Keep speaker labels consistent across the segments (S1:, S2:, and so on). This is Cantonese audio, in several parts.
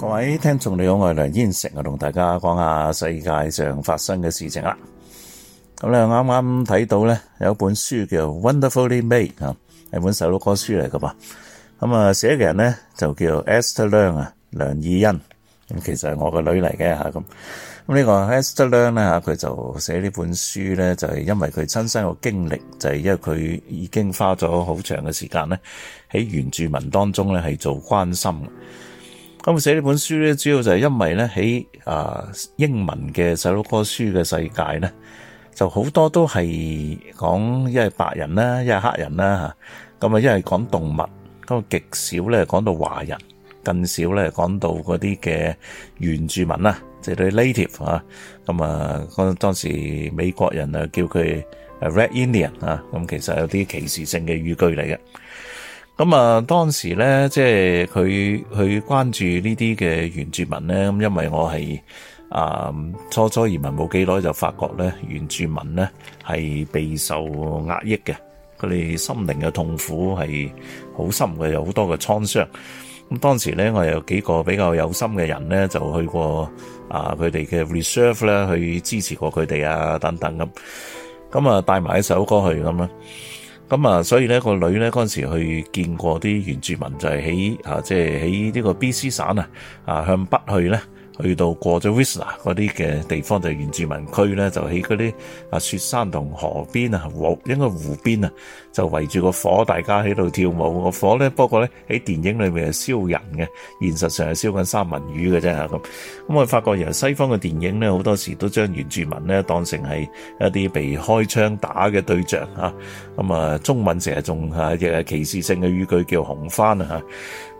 S1: 各位聽眾你好，我係梁燕城啊，同大家講下世界上發生嘅事情啦。咁咧，啱啱睇到咧有一本書叫《Wonderfully Made》啊，係本首錄歌書嚟噶嘛。咁啊，寫嘅人咧就叫 Esther 梁啊，梁以欣。咁其實係我個女嚟嘅吓咁。咁呢個 Esther 梁咧吓，佢就寫呢本書咧，就係因為佢親身嘅經歷，就係因為佢已經花咗好長嘅時間咧，喺原住民當中咧係做關心。咁啊，寫呢本書咧，主要就係因為咧喺，啊英文嘅細佬哥書嘅世界咧，就好多都係講一係白人啦，一係黑人啦吓。咁啊，一係講動物，咁啊極少咧講到華人，更少咧講到嗰啲嘅原住民啦，即係啲 native 啊。咁啊，當當時美國人啊叫佢誒 Red Indian 啊，咁其實有啲歧視性嘅語句嚟嘅。咁啊，當時咧，即係佢佢關注呢啲嘅原住民咧。咁因為我係啊初初移民冇幾耐，就發覺咧原住民咧係備受壓抑嘅，佢哋心靈嘅痛苦係好深嘅，有好多嘅創傷。咁當時咧，我有幾個比較有心嘅人咧，就去過啊佢哋嘅 reserve 咧，去支持過佢哋啊等等咁。咁啊，帶埋一首歌去咁啊。咁啊，所以咧個女咧嗰陣時去見過啲原住民，就係喺啊，即係喺呢個 BC 省啊，啊向北去咧。去到過咗 Whistler 嗰啲嘅地方，就係、原住民區咧，就喺嗰啲啊雪山同河邊啊，湖應該湖邊啊，就圍住個火，大家喺度跳舞個火咧。不過咧喺電影裏面係燒人嘅，現實上係燒緊三文魚嘅啫嚇咁。咁、嗯、我發覺由西方嘅電影咧，好多時都將原住民咧當成係一啲被開槍打嘅對象嚇。咁、嗯、啊，中文成日仲嚇有啲歧視性嘅語句叫紅番啊嚇。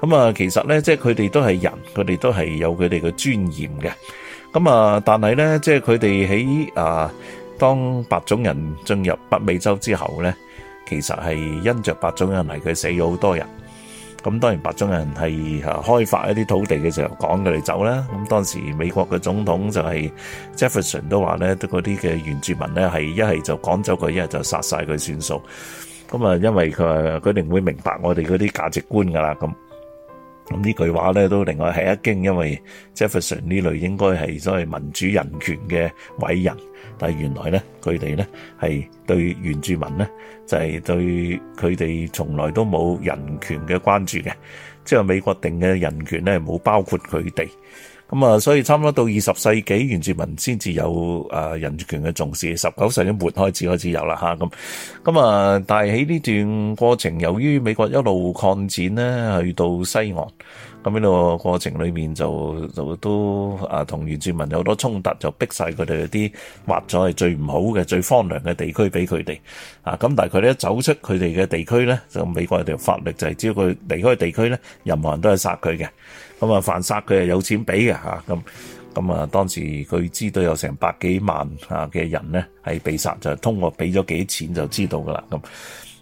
S1: 咁啊，其實咧，即係佢哋都係人，佢哋都係有佢哋嘅尊嚴嘅。咁啊，但係咧，即係佢哋喺啊，當白種人進入北美洲之後咧，其實係因着白種人嚟，佢死咗好多人。咁當然白種人係啊開發一啲土地嘅時候趕佢哋走啦。咁當時美國嘅總統就係 Jefferson 都話咧，嗰啲嘅原住民咧係一係就趕走佢，一係就殺晒佢算數。咁啊，因為佢話佢哋唔會明白我哋嗰啲價值觀噶啦咁。咁呢句話咧都另外係一驚，因為 Jefferson 呢類應該係所謂民主人權嘅偉人，但原來咧佢哋咧係對原住民咧就係、是、對佢哋從來都冇人權嘅關注嘅，即係美國定嘅人權咧冇包括佢哋。咁啊，所以差唔多到二十世紀，原住民先至有誒人權嘅重視。十九世紀末開始開始有啦嚇，咁咁啊，但係喺呢段過程，由於美國一路擴展呢，去到西岸。咁、這、呢個過程裏面就就都啊同原住民有好多衝突，就逼晒佢哋啲挖咗係最唔好嘅、最荒涼嘅地區俾佢哋啊！咁但係佢一走出佢哋嘅地區咧，就美國嘅條法律就係只要佢離開地區咧，任何人都係殺佢嘅。咁啊犯殺佢係有錢俾嘅吓，咁咁啊,啊,啊,啊當時佢知道有成百幾萬嘅人咧係被殺，就係、通過俾咗幾錢就知道噶啦咁。啊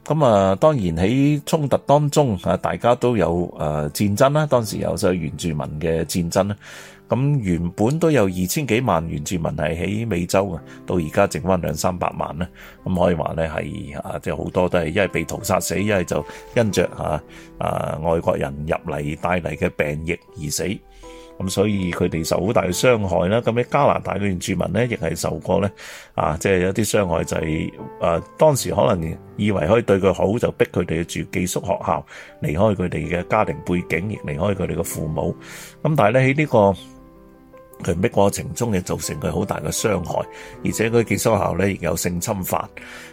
S1: 咁啊，當然喺衝突當中啊，大家都有誒戰爭啦。當時有就原住民嘅戰爭啦。咁原本都有二千幾萬原住民係喺美洲啊，到而家剩翻兩三百萬啦。咁可以話咧係啊，即係好多都係一係被屠殺死，一係就因着啊啊外國人入嚟帶嚟嘅病疫而死。咁所以佢哋受好大嘅傷害啦。咁喺加拿大嗰啲住民咧，亦係受過咧啊，即係有啲傷害就係誒當時可能以為可以對佢好，就逼佢哋住寄宿學校，離開佢哋嘅家庭背景，亦離開佢哋嘅父母。咁但係咧喺呢個。強迫過程中亦造成佢好大嘅傷害，而且佢接收校咧亦有性侵犯，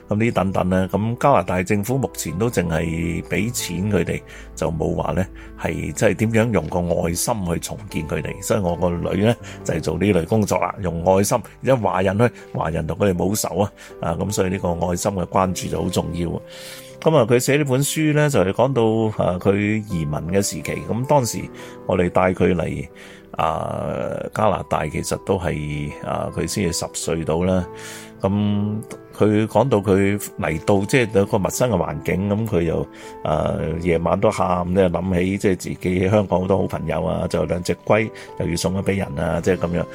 S1: 咁呢等等呢，咁加拿大政府目前都淨係俾錢佢哋，就冇話咧係即係點樣用個愛心去重建佢哋。所以我個女咧就係、是、做呢類工作啦，用愛心，而家華人去華人同佢哋冇仇啊，啊咁所以呢個愛心嘅關注就好重要。咁啊，佢寫呢本書咧就係、是、講到啊佢移民嘅時期，咁當時我哋帶佢嚟。啊！加拿大其實都係啊，佢先至十歲到啦。咁佢講到佢嚟到，即係一個陌生嘅環境，咁佢又啊夜晚都喊咧，諗起即係自己香港好多好朋友啊，就兩隻龜又要送咗俾人啊，即係咁樣。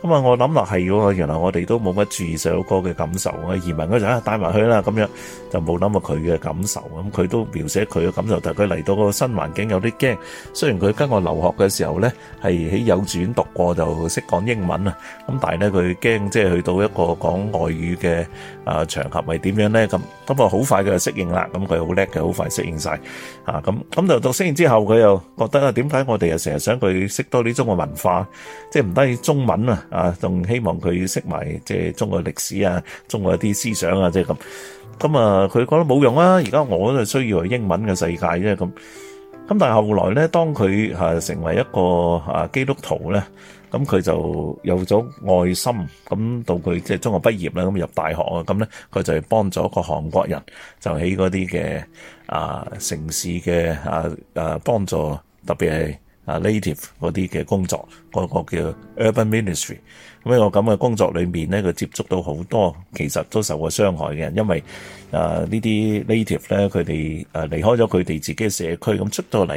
S1: 咁啊，我諗落係喎，原來我哋都冇乜注意細佬哥嘅感受啊！移民嗰陣啊，帶埋去啦，咁樣就冇諗過佢嘅感受。咁佢都描寫佢嘅感受，但佢嚟到個新環境有啲驚。雖然佢跟我留學嘅時候咧，係喺幼稚園讀過就識講英文啊，咁但係咧佢驚即係去到一個講外語嘅啊場合係點樣咧？咁不過好快佢就適應啦，咁佢好叻，佢好快適應曬啊！咁咁就讀適應之後，佢又覺得啊，點解我哋又成日想佢識多啲中國文化？即係唔單止中文啊！啊，仲希望佢識埋即係中國歷史啊，中國一啲思想啊，即係咁。咁啊，佢覺得冇用啊。而家我都需要去英文嘅世界啫。咁，咁但係後來咧，當佢係成為一個啊基督徒咧，咁佢就有咗愛心。咁到佢即係中學畢業啦，咁入大學啊，咁咧佢就幫咗個韓國人，就喺嗰啲嘅啊城市嘅啊啊幫助特別係。啊，native 嗰啲嘅工作，嗰個叫 urban ministry，咁呢個咁嘅工作裏面咧，佢接觸到好多其實都受過傷害嘅人，因為啊呢啲 native 咧，佢哋啊離開咗佢哋自己嘅社區，咁出到嚟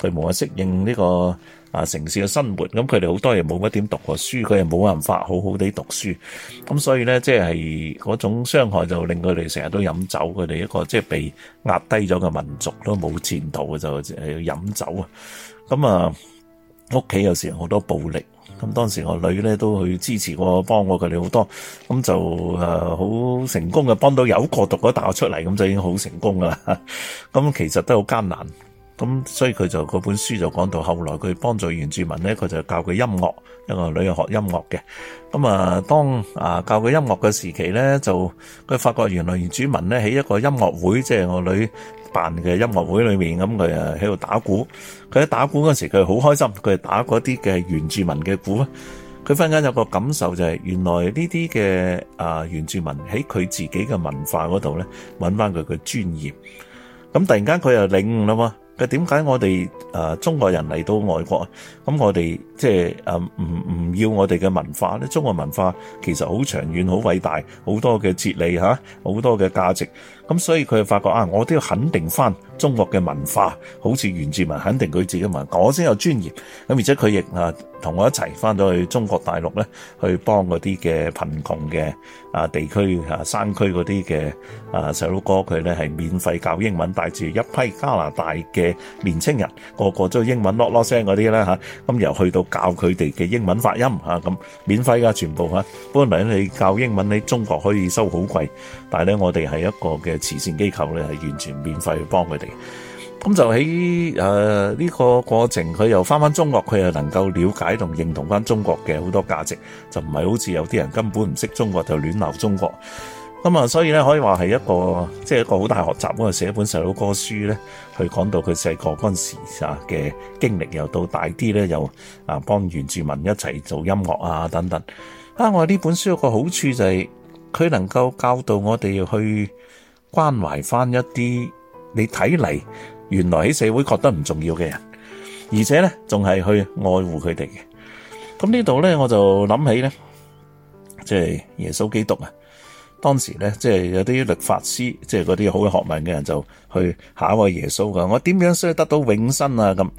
S1: 佢冇話適應呢個啊！城市嘅生活，咁佢哋好多嘢冇乜點讀過書，佢又冇辦法好好地讀書，咁所以咧，即係嗰種傷害就令佢哋成日都飲酒。佢哋一個即係被壓低咗嘅民族都冇前途嘅，就係飲酒啊！咁啊，屋企有時好多暴力。咁當時我女咧都去支持我，幫過佢哋好多，咁就誒好、啊、成功嘅，幫到有個讀咗大學出嚟，咁就已經好成功噶啦。咁其實都好艱難。咁所以佢就嗰本書就講到，後來佢幫助原住民咧，佢就教佢音樂，一個女又學音樂嘅。咁啊，當啊教佢音樂嘅時期咧，就佢發覺原來原住民咧喺一個音樂會，即係我女辦嘅音樂會裏面，咁佢啊喺度打鼓。佢喺打鼓嗰時，佢好開心，佢打嗰啲嘅原住民嘅鼓。佢忽然間有個感受就係，原來呢啲嘅啊原住民喺佢自己嘅文化嗰度咧，揾翻佢嘅專業。咁突然間佢又領悟啦嘛！佢，點解我哋誒中國人嚟到外國，啊咁我哋？即係誒唔唔要我哋嘅文化咧？中國文化其實好長遠、好偉大，好多嘅哲理嚇，好多嘅價值。咁所以佢發覺啊，我都要肯定翻中國嘅文化，好似原住民肯定佢自己文化，我先有尊嚴。咁而且佢亦啊同我一齊翻到去中國大陸咧，去幫嗰啲嘅貧窮嘅啊地區嚇、啊、山區嗰啲嘅啊細佬哥，佢咧係免費教英文帶，帶住一批加拿大嘅年青人，個個都英文囉囉聲嗰啲咧嚇。咁由、啊、去到。教佢哋嘅英文發音嚇，咁免費噶全部嚇，本嚟你教英文你中國可以收好貴，但係咧我哋係一個嘅慈善機構咧係完全免費去幫佢哋。咁就喺誒呢個過程，佢又翻翻中國，佢又能夠瞭解同認同翻中國嘅好多價值，就唔係好似有啲人根本唔識中國就亂鬧中國。咁啊，所以咧可以話係一個即係一個好大學習嗰個寫本細佬哥書咧，去講到佢細個嗰陣時啊嘅經歷，又到大啲咧又啊幫原住民一齊做音樂啊等等。啊，我呢本書有個好處就係佢能夠教導我哋去關懷翻一啲你睇嚟原來喺社會覺得唔重要嘅人，而且咧仲係去愛護佢哋嘅。咁呢度咧我就諗起咧，即係耶穌基督啊！當時咧，即係有啲律法師，即係嗰啲好有學問嘅人，就去考下耶穌噶。我點樣先得到永生啊？咁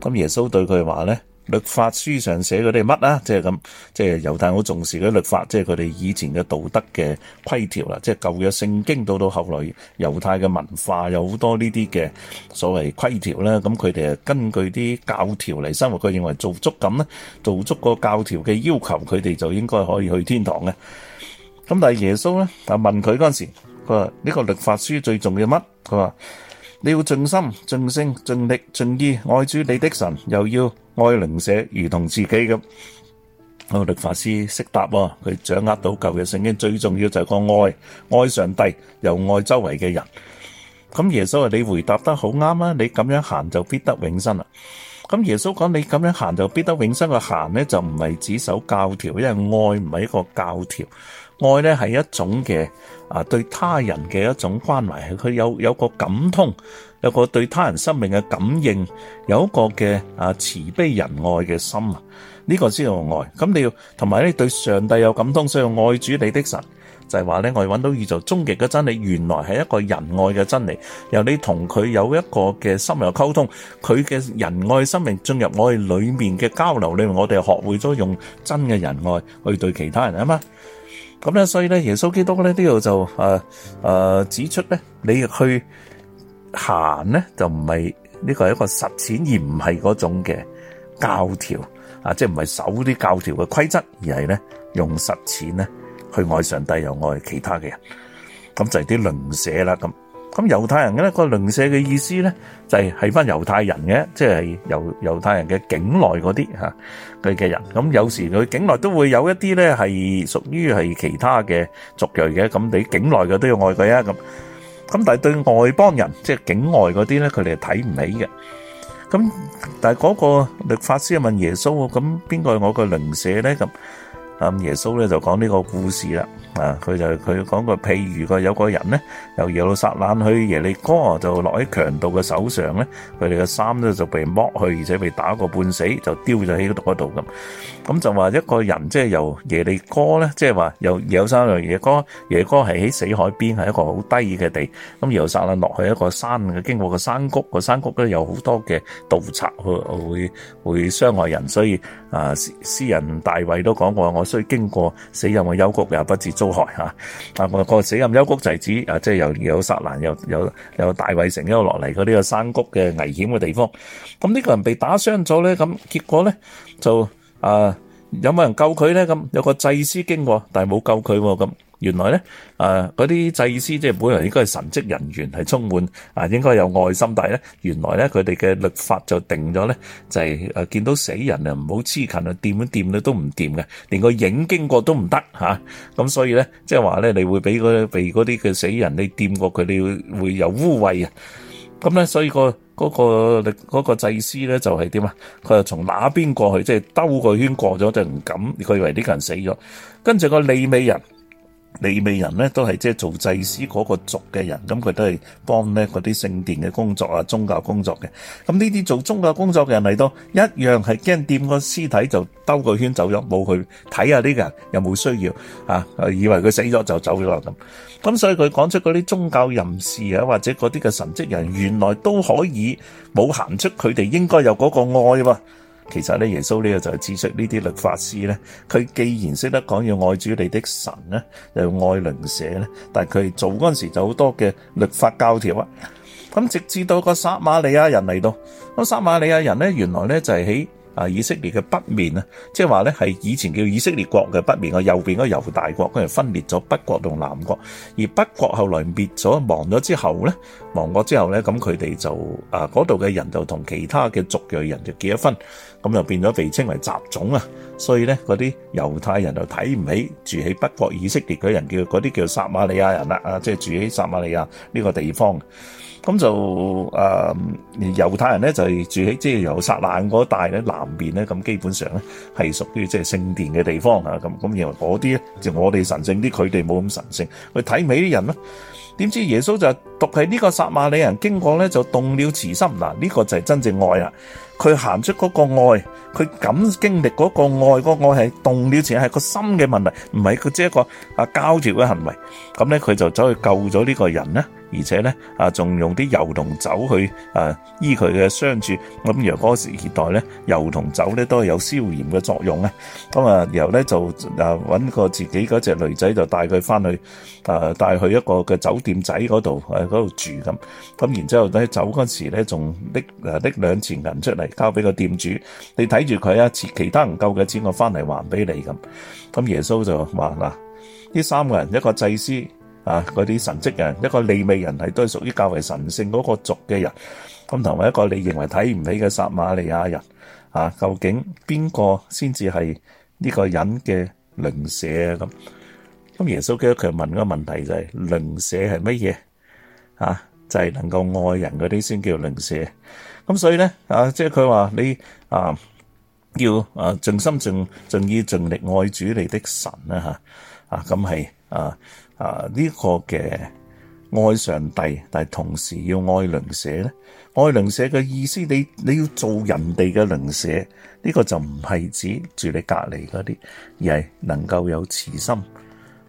S1: 咁，耶穌對佢話咧，律法書上寫嗰啲乜啊？即係咁，即係猶太好重視嗰啲律法，即係佢哋以前嘅道德嘅規條啦。即係舊嘅聖經到到後來，猶太嘅文化有好多呢啲嘅所謂規條啦。咁佢哋係根據啲教條嚟生活，佢認為做足咁咧，做足個教條嘅要求，佢哋就應該可以去天堂呢。咁但係耶穌咧，就問佢嗰時，佢話呢個律法書最重要乜？佢話你要盡心、盡性、盡力、盡意愛主你的神，又要愛鄰舍如同自己咁。個律法師識答喎，佢掌握到舊約聖經最重要就係個愛，愛上帝又愛周圍嘅人。咁耶穌話你回答得好啱啊！你咁樣行就必得永生啦。咁耶穌講，你咁樣行就必得永生嘅，行咧就唔係指守教條，因為愛唔係一個教條，愛咧係一種嘅啊對他人嘅一種關懷，佢有有個感通，有個對他人生命嘅感應，有一個嘅啊慈悲仁愛嘅心啊，呢、這個先係愛。咁你要同埋你對上帝有感通，所以愛主你的神。就係話咧，我哋揾到宇宙終極嘅真理，原來係一個仁愛嘅真理。由你同佢有一個嘅心理溝通，佢嘅仁愛生命進入我哋裏面嘅交流裏面，我哋學會咗用真嘅仁愛去對其他人啊嘛。咁咧，樣所以咧，耶穌基督咧呢度就誒誒、呃呃、指出咧，你去行咧就唔係呢個係一個實踐，而唔係嗰種嘅教條啊，即係唔係守啲教條嘅規則，而係咧用實踐咧，去愛上帝又愛其他嘅人，咁就係啲鄰舍啦。咁咁猶太人咧，個鄰舍嘅意思咧就係係翻猶太人嘅，即係猶猶太人嘅境內嗰啲吓佢嘅人。咁有時佢境內都會有一啲咧，係屬於係其他嘅族裔嘅。咁你境內嘅都要愛佢啊。咁咁但係對外邦人，即係境外嗰啲咧，佢哋係睇唔起嘅。咁但係嗰個律法師問耶穌：咁邊個係我個鄰舍咧？咁咁耶穌咧就講呢個故事啦，啊，佢就佢講過譬如個有個人咧由耶路撒冷去耶利哥，就落喺強盜嘅手上咧，佢哋嘅衫咧就被剝去，而且被打過半死，就丟咗喺嗰度咁。咁就話一個人即係、就是、由耶利哥咧，即係話由耶路撒冷去耶利耶利哥，係喺死海邊，係一個好低嘅地。咁耶路撒冷落去一個山經經過個山谷，個山谷咧有好多嘅盜賊，佢會會傷害人。所以啊，詩人大衛都講過我。需經過死人嘅幽谷，又不至遭害嚇。但外國死人幽谷就指，啊，即係又有殺難，又有有，有大衛城，一路落嚟嗰啲個山谷嘅危險嘅地方。咁呢個人被打傷咗咧，咁結果咧就啊，有冇人救佢咧？咁有個祭司經過，但係冇救佢咁。原來咧，誒嗰啲祭司即係本來應該係神職人員，係充滿啊，應該有愛心。但係咧，原來咧佢哋嘅律法就定咗咧，就係、是、誒、啊、見到死人啊唔好黐近啊，掂一掂咧都唔掂嘅，連個影經過都唔得嚇。咁、啊、所以咧，即係話咧，你會俾嗰俾嗰啲嘅死人你掂過佢，你會會有污穢啊。咁咧，所以、那個嗰、那個嗰、那個那個、祭司咧就係點啊？佢就從那邊過去，即、就、係、是、兜個圈過咗就唔敢。佢以為呢個人死咗，跟住個利未人。利未人咧都係即係做祭司嗰個族嘅人，咁佢都係幫咧嗰啲聖殿嘅工作啊，宗教工作嘅。咁呢啲做宗教工作嘅人嚟到，一樣係驚掂個屍體就兜個圈走咗，冇去睇下呢個人有冇需要啊，以為佢死咗就走咗喇。咁所以佢講出嗰啲宗教人士啊，或者嗰啲嘅神職人，原來都可以冇行出佢哋應該有嗰個愛喎。其實咧，耶穌呢個就係指出呢啲律法師咧，佢既然識得講要愛主你的神咧，又要愛鄰舍咧，但係佢做嗰陣時就好多嘅律法教條啊。咁直至到個撒瑪利亞人嚟到，咁撒瑪利亞人咧，原來咧就係喺。啊！以色列嘅北面啊，即係話咧，係以前叫以色列國嘅北面個右邊嗰個猶大國，跟係分裂咗北國同南國。而北國後來滅咗亡咗之後咧，亡國之後咧，咁佢哋就啊嗰度嘅人就同其他嘅族裔人就結咗婚，咁就變咗被稱為雜種啊。所以咧，嗰啲猶太人就睇唔起住喺北國以色列嘅人，那些叫嗰啲叫撒瑪利亞人啦。啊，即係住喺撒瑪利亞呢個地方。咁就誒，猶太人咧，就係住喺即係耶路撒冷嗰帶咧，南邊咧，咁基本上咧，係屬於即係聖殿嘅地方啊，咁，咁認為嗰啲咧，就我哋神聖啲，佢哋冇咁神聖。佢睇唔起啲人啦，點知耶穌就讀喺呢個撒瑪利人經過咧，就動了慈心嗱，呢個就係真正愛啊！佢行出嗰個愛，佢咁經歷嗰個愛，嗰個愛係動了情，係個心嘅問題，唔係佢即係一個啊交易嘅行為。咁咧佢就走去救咗呢個人咧。而且咧啊，仲用啲油同酒去啊醫佢嘅傷處。咁若果時代咧，油同酒咧都係有消炎嘅作用咧。咁啊，啊，然後咧就啊搵個自己嗰隻女仔就帶佢翻去啊，帶去一個嘅酒店仔嗰度嗰度住咁。咁、啊、然之後咧走嗰時咧，仲拎啊搦兩錢銀出嚟交俾個店主。你睇住佢啊，其、其他唔夠嘅錢我翻嚟還俾你咁。咁、啊啊、耶穌就話嗱，呢、啊、三個人一個祭司。啊！嗰啲神跡人，一個利未人係都係屬於較為神聖嗰個族嘅人。咁同埋一個你認為睇唔起嘅撒瑪利亞人，啊，究竟邊個先至係呢個人嘅鄰舍啊？咁咁耶穌佢佢問嗰個問題就係鄰舍係乜嘢啊？就係能夠愛人嗰啲先叫鄰舍。咁所以咧啊，即係佢話你啊，要啊盡心盡盡意盡力愛主你的神啦嚇啊，咁係啊。啊！呢、這個嘅愛上帝，但係同時要愛鄰舍咧。愛鄰舍嘅意思，你你要做人哋嘅鄰舍，呢、這個就唔係指住你隔離嗰啲，而係能夠有慈心，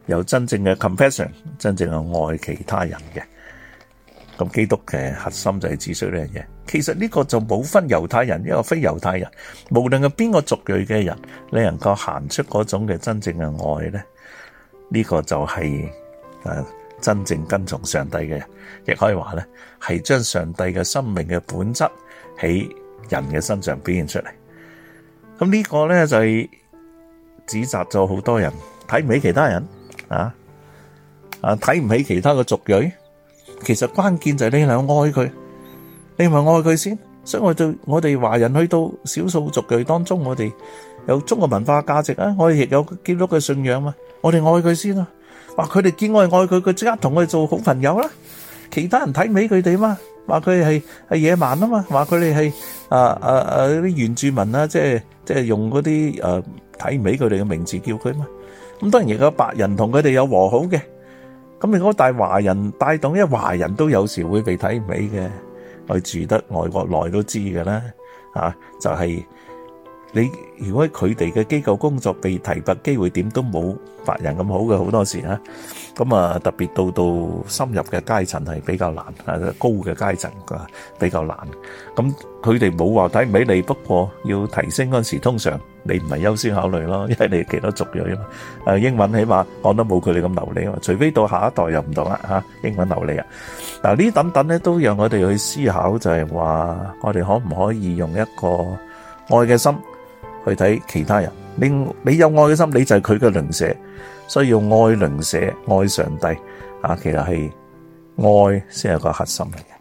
S1: 有真正嘅 compassion，真正嘅愛其他人嘅。咁基督嘅核心就係指出呢樣嘢。其實呢個就冇分猶太人，一個非猶太人，無論係邊個族裔嘅人，你能夠行出嗰種嘅真正嘅愛咧。呢、這個就係誒真正跟從上帝嘅人，亦可以話咧係將上帝嘅生命嘅本質喺人嘅身上表現出嚟。咁、這、呢個咧就係指責咗好多人睇唔起其他人啊，啊睇唔起其他嘅族裔。其實關鍵就係你係愛佢，你唔係愛佢先。所以我哋我哋華人去到少數族裔當中，我哋有中國文化價值啊，我哋亦有基督嘅信仰嘛。我哋愛佢先啊，話佢哋見我哋愛佢，佢即刻同我哋做好朋友啦。其他人睇唔起佢哋嘛，話佢哋係係野蠻啊嘛，話佢哋係誒誒誒嗰啲原住民啦，即係即係用嗰啲誒睇唔起佢哋嘅名字叫佢嘛。咁當然亦有白人同佢哋有和好嘅。咁如果但係華人帶動，因為華人都有時會被睇唔起嘅，我住得外國耐都知噶啦，啊就係。你如果喺佢哋嘅機構工作，被提拔機會點都冇白人咁好嘅，好多時啊，咁啊特別到到深入嘅階層係比較難啊，高嘅階層啊比較難。咁佢哋冇話睇唔起你，不過要提升嗰時通常你唔係優先考慮咯，因為你係其他族裔嘛。誒英文起碼講得冇佢哋咁流利啊，除非到下一代又唔同啦嚇，英文流利啊。嗱呢等等咧都讓我哋去思考，就係話我哋可唔可以用一個愛嘅心？去睇其他人，你你有愛嘅心，你就係佢嘅鄰舍，所以要愛鄰舍，愛上帝啊！其實係愛先係個核心嚟嘅。